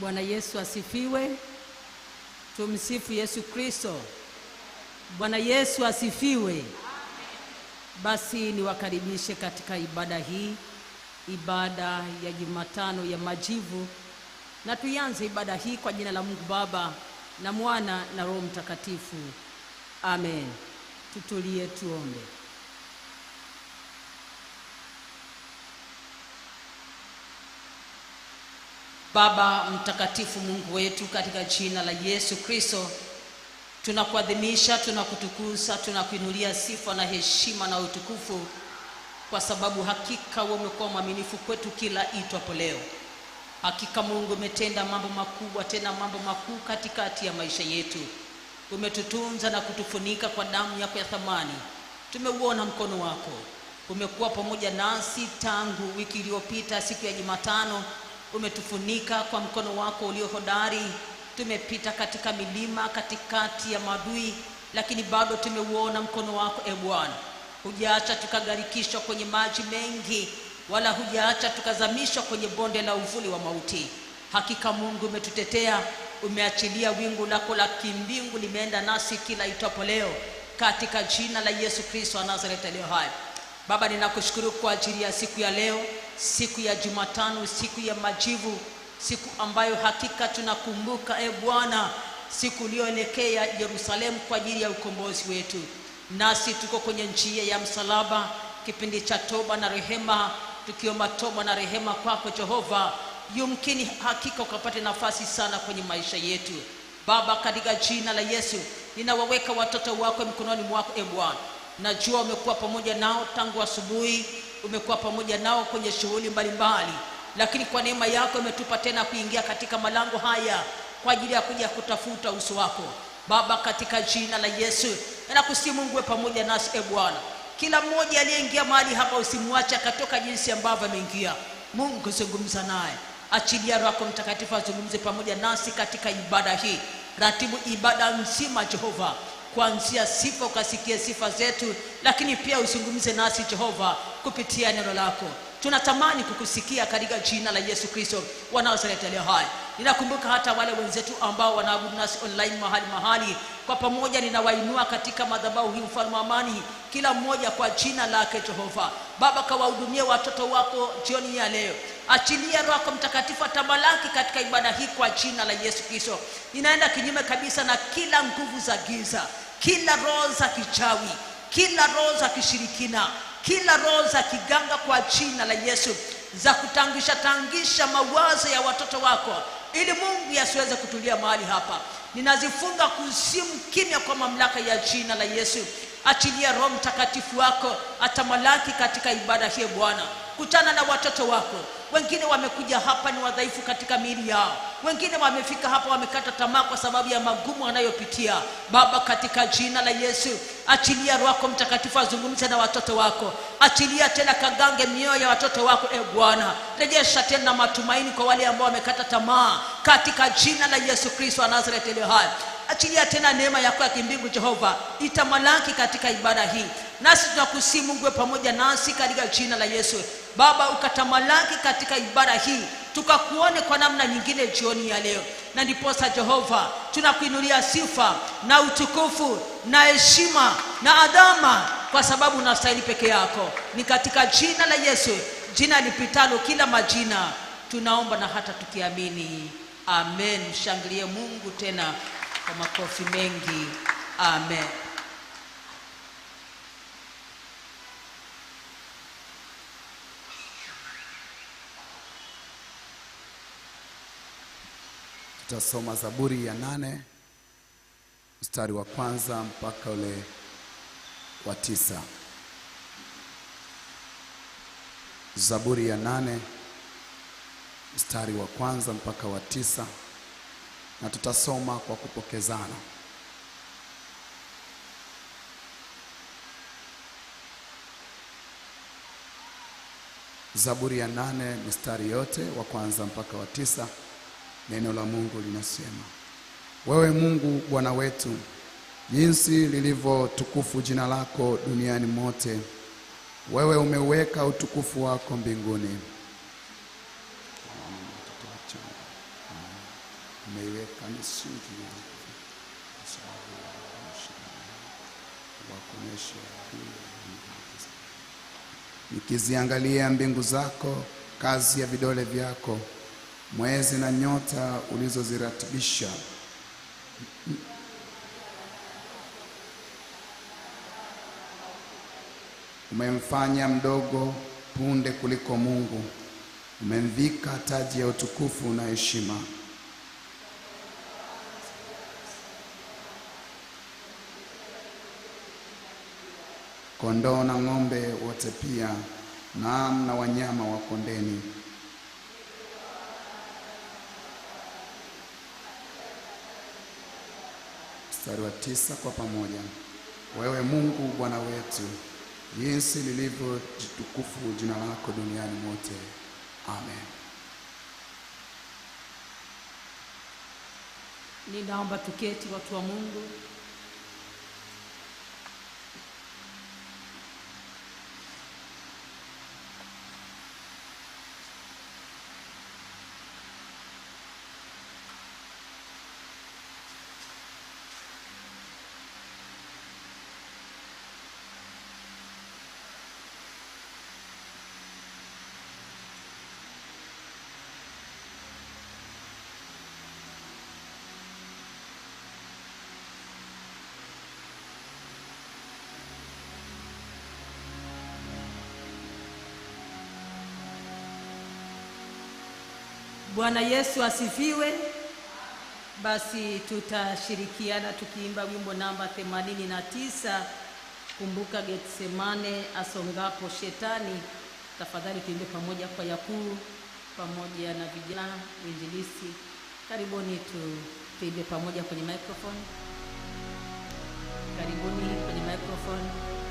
Bwana Yesu asifiwe. Tumsifu Yesu Kristo. Bwana Yesu asifiwe. Basi niwakaribishe katika ibada hii, ibada ya Jumatano ya Majivu, na tuianze ibada hii kwa jina la Mungu Baba na Mwana na Roho Mtakatifu, amen. Tutulie tuombe. Baba mtakatifu, Mungu wetu, katika jina la Yesu Kristo tunakuadhimisha, tunakutukuza, tunakuinulia sifa na heshima na utukufu, kwa sababu hakika wewe umekuwa mwaminifu kwetu kila itwapo leo. Hakika Mungu umetenda mambo makubwa, tena mambo makuu katikati ya maisha yetu. Umetutunza na kutufunika kwa damu yako ya thamani. Tumeuona mkono wako, umekuwa pamoja nasi tangu wiki iliyopita siku ya Jumatano Umetufunika kwa mkono wako ulio hodari. Tumepita katika milima, katikati ya maadui, lakini bado tumeuona mkono wako, e Bwana. Hujaacha tukagarikishwa kwenye maji mengi, wala hujaacha tukazamishwa kwenye bonde la uvuli wa mauti. Hakika Mungu umetutetea, umeachilia wingu lako la kimbingu limeenda nasi kila itwapo leo, katika jina la Yesu Kristo wa Nazareti aliyo hai Baba, ninakushukuru kwa ajili ya siku ya leo, siku ya Jumatano, siku ya majivu, siku ambayo hakika tunakumbuka, e Bwana, siku iliyoelekea Yerusalemu kwa ajili ya ukombozi wetu, nasi tuko kwenye njia ya msalaba, kipindi cha toba na rehema, tukiomba toba na rehema kwako Jehova, yumkini hakika ukapate nafasi sana kwenye maisha yetu. Baba, katika jina la Yesu ninawaweka watoto wako mikononi mwako, e Bwana najua umekuwa pamoja nao tangu asubuhi, umekuwa pamoja nao kwenye shughuli mbalimbali, lakini kwa neema yako imetupa tena kuingia katika malango haya kwa ajili ya kuja kutafuta uso wako Baba, katika jina la Yesu nakusihi Mungu we pamoja nasi e Bwana. Kila mmoja aliyeingia mahali hapa usimwache akatoka jinsi ambavyo ameingia. Mungu zungumza naye, achilia Roho yako Mtakatifu azungumze pamoja nasi katika ibada hii, ratibu ibada nzima Jehova kuanzia sifa, ukasikia sifa zetu, lakini pia uzungumze nasi Jehova kupitia neno lako tunatamani kukusikia katika jina la yesu kristo wanaotuletelea haya ninakumbuka hata wale wenzetu ambao wanaabudu nasi online mahali mahali kwa pamoja ninawainua katika madhabahu hii mfalme wa amani kila mmoja kwa jina lake jehova baba kawahudumie watoto wako jioni ya leo achilia roho mtakatifu atamalaki katika ibada hii kwa jina la yesu kristo ninaenda kinyume kabisa na kila nguvu za giza kila roho za kichawi kila roho za kishirikina kila roho za kiganga kwa jina la Yesu, za kutangisha tangisha mawazo ya watoto wako ili Mungu yasiweze kutulia mahali hapa, ninazifunga kuzimu kimya kwa mamlaka ya jina la Yesu achilia Roho Mtakatifu wako atamalaki katika ibada hii Bwana. Kutana na watoto wako. Wengine wamekuja hapa ni wadhaifu katika miili yao, wengine wamefika hapa wamekata tamaa kwa sababu ya magumu wanayopitia. Baba, katika jina la Yesu, achilia Roho yako Mtakatifu azungumze na watoto wako, achilia tena kagange mioyo ya watoto wako. E Bwana, rejesha tena matumaini kwa wale ambao wamekata tamaa, katika jina la Yesu Kristo wa Nazareti leo hai achilia tena neema yako ya kimbingu Jehova, itamalaki katika ibada hii, nasi tunakusihi Mungu pamoja nasi katika jina la Yesu. Baba, ukatamalaki katika ibada hii, tukakuone kwa namna nyingine jioni ya leo, na ndiposa Jehova tunakuinulia sifa na utukufu na heshima na adhama, kwa sababu unastahili peke yako. Ni katika jina la Yesu, jina lipitalo kila majina, tunaomba na hata tukiamini. Amen. shangilie Mungu tena kwa makofi mengi. Amen. Tutasoma Zaburi ya nane mstari wa kwanza mpaka ule wa tisa. Zaburi ya nane mstari wa kwanza mpaka wa tisa na tutasoma kwa kupokezana. Zaburi ya nane mistari yote wa kwanza mpaka wa tisa. Neno la Mungu linasema, wewe Mungu Bwana wetu, jinsi lilivyo tukufu jina lako duniani mote, wewe umeweka utukufu wako mbinguni. unaiweka misingi yangu sababu wakuonyesha nikiziangalia mbingu zako, kazi ya vidole vyako, mwezi na nyota ulizoziratibisha Umemfanya mdogo punde kuliko Mungu, umemvika taji ya utukufu na heshima. kondoo na ng'ombe wote pia, naam na wanyama wa kondeni Mstari wa tisa kwa pamoja. Wewe Mungu Bwana wetu, jinsi lilivyo jitukufu jina lako duniani mote. Amen. Ninaomba tuketi, watu wa Mungu. Bwana Yesu asifiwe. Basi tutashirikiana tukiimba wimbo namba 89 kumbuka Getsemane asongapo shetani. Tafadhali tuimbe pamoja kwa yakuu pamoja na vijana injilisi. Karibuni tu tuimbe pamoja kwenye microphone. Karibuni kwenye microphone.